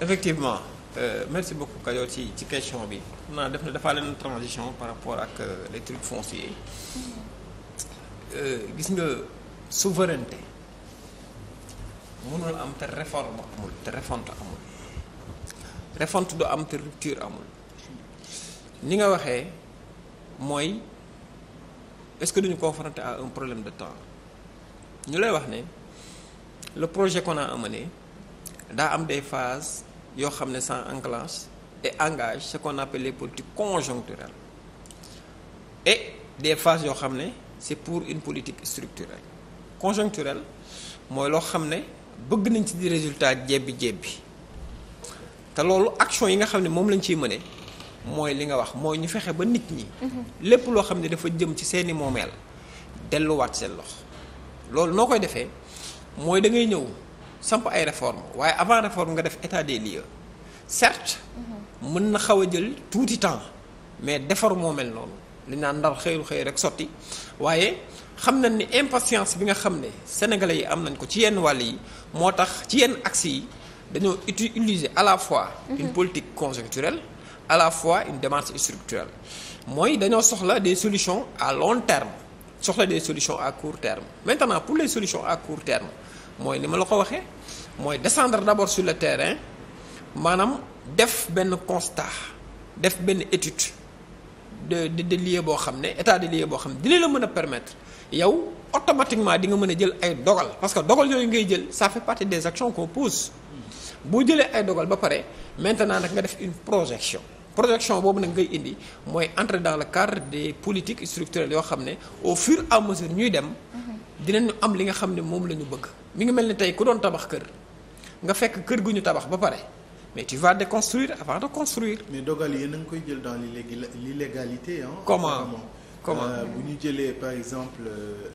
effectivement euh, merci beaucoup Kajoor ci ci question bi naa def na dafaa leen transition par rapport ak euh, les trucs fonciers euh, gis nga souveraineté mënul am te réforme amul te refonte amul refonte du am te rupture amul ni nga waxee mooy est-ce que duñu confronté à un problème de temps ñu lay wax ne le projet qu'on a amené daa am des phases yoo xam ne ça enclenche et engage ce qu'on appelle les politiques conjoncturelles et des phases yoo xam ne c'est pour une politique structurelle conjoncturelle mooy loo xam ne bëgg nañ ci di résultat jebbi jebbi te loolu action yi nga xam ne moom lañ ciy mëne mooy li nga wax mooy ñu fexe ba nit ñi. Mhm. lépp loo xam ne dafa jëm ci seeni moomeel delluwaat seen lox loolu noo koy defee mooy da ngay ñëw. samp ay réforme waaye avant réforme nga def état des lieux certes mën na xaw a jël tuuti temps mais defar moo mel noonu li naan ndar xëyul xëy rek sotti waaye xam nañ ni impatience bi nga xam ne sénégalais yi am nañ ko ci yenn wàll yi moo tax ci yenn axes yi dañoo utiliser à la fois une mhm. politique conjoncturelle à la fois une démarche structurelle mooy dañoo soxla des solution à long terme soxla des solution à court terme maintenant pour les solutions à court terme mooy ni ma la ko waxee mooy descendre d'abord sur le terrain maanaam def benn constat def benn étude de de de boo xam ne état de lieu boo xam ne dina la mën a permettre yow automatiquement di nga mën a jël ay dogal parce que dogal yooyu ngay jël ça fait partie des actions qu'on pose boo jëlee ay dogal ba pare maintenant nag nga def une projection projection boobu nag ngay indi mooy entrer dans le cadre des politiques structurelles yoo xam ne au fur et à mesure ñuy dem. ñu am li nga xam ne moom la ñu bëgg. mi ngi mel ni tey ku doon tabax kër nga fekk kër gu ñu tabax ba pare mais tu vas déconstruire avant de construire. mais dogal yéen a ngi koy jël dans l'illégalité hein. comment comment euh, bu ñu jëlee par exemple. Euh,